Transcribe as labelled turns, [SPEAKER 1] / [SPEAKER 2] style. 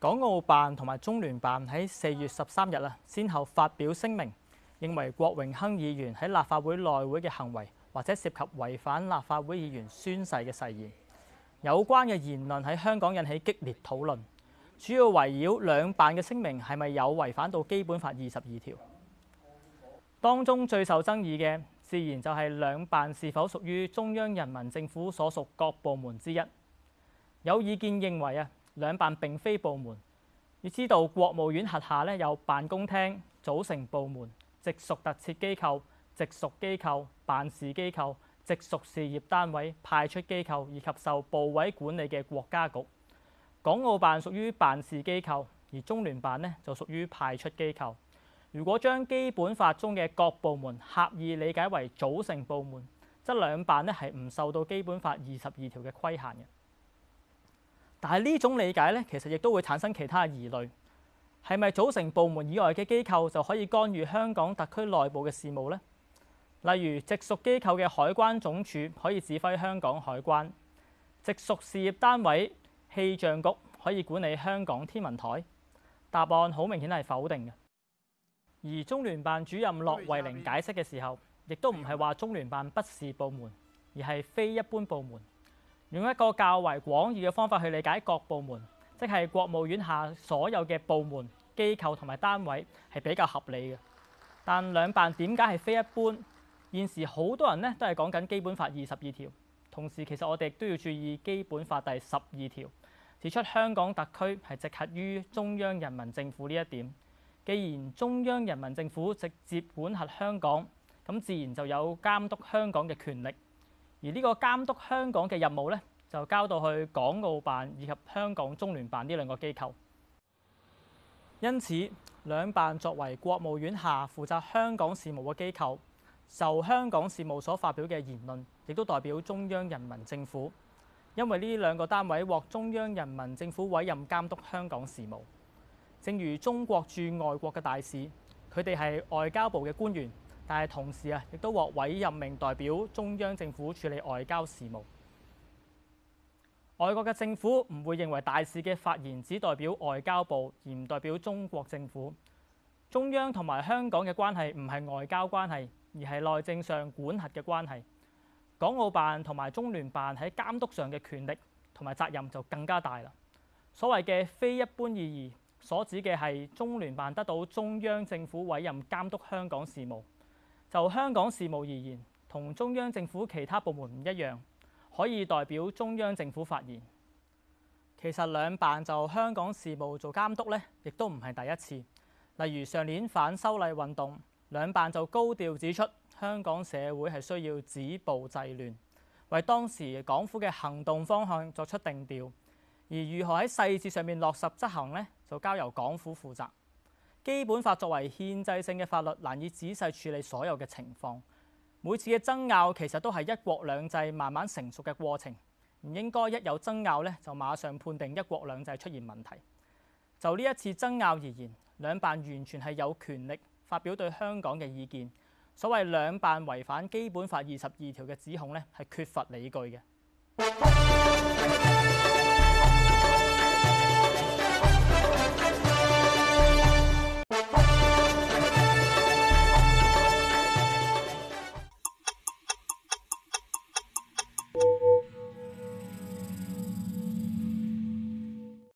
[SPEAKER 1] 港澳辦同埋中聯辦喺四月十三日啊，先後發表聲明，認為郭榮鏗議員喺立法會內會嘅行為，或者涉及違反立法會議員宣誓嘅誓言。有關嘅言論喺香港引起激烈討論，主要圍繞兩辦嘅聲明係咪有違反到基本法二十二條。當中最受爭議嘅，自然就係兩辦是否屬於中央人民政府所屬各部門之一。有意見認為啊，兩辦並非部門，要知道國務院轄下咧有辦公廳、組成部門、直屬特設機構、直屬機構、辦事機構、直屬事業單位、派出機構以及受部委管理嘅國家局。港澳辦屬於辦事機構，而中聯辦咧就屬於派出機構。如果將基本法中嘅各部門狹義理解為組成部門，則兩辦咧係唔受到基本法二十二條嘅規限嘅。但係呢種理解呢，其實亦都會產生其他疑慮，係咪組成部門以外嘅機構就可以干預香港特區內部嘅事務呢？例如直屬機構嘅海關總署可以指揮香港海關，直屬事業單位氣象局可以管理香港天文台。答案好明顯係否定嘅。而中聯辦主任駱惠寧解釋嘅時候，亦都唔係話中聯辦不是部門，而係非一般部門。用一個較為廣義嘅方法去理解各部門，即係國務院下所有嘅部門、機構同埋單位，係比較合理嘅。但兩辦點解係非一般？現時好多人呢都係講緊《基本法》二十二條，同時其實我哋亦都要注意《基本法》第十二條，指出香港特區係直轄於中央人民政府呢一點。既然中央人民政府直接管轄香港，咁自然就有監督香港嘅權力。而呢個監督香港嘅任務咧，就交到去港澳辦以及香港中聯辦呢兩個機構。因此，兩辦作為國務院下負責香港事務嘅機構，就香港事務所發表嘅言論，亦都代表中央人民政府。因為呢兩個單位獲中央人民政府委任監督香港事務，正如中國駐外國嘅大使，佢哋係外交部嘅官員。但係同時啊，亦都獲委任命代表中央政府處理外交事務。外國嘅政府唔會認為大使嘅發言只代表外交部，而唔代表中國政府。中央同埋香港嘅關係唔係外交關係，而係內政上管轄嘅關係。港澳辦同埋中聯辦喺監督上嘅權力同埋責任就更加大啦。所謂嘅非一般意義，所指嘅係中聯辦得到中央政府委任監督香港事務。就香港事務而言，同中央政府其他部門唔一樣，可以代表中央政府發言。其實兩辦就香港事務做監督呢，亦都唔係第一次。例如上年反修例運動，兩辦就高調指出香港社會係需要止暴制亂，為當時港府嘅行動方向作出定調。而如何喺細節上面落實執行呢，就交由港府負責。基本法作為憲制性嘅法律，難以仔細處理所有嘅情況。每次嘅爭拗其實都係一國兩制慢慢成熟嘅過程，唔應該一有爭拗咧就馬上判定一國兩制出現問題。就呢一次爭拗而言，兩辦完全係有權力發表對香港嘅意見。所謂兩辦違反基本法二十二條嘅指控咧，係缺乏理據嘅。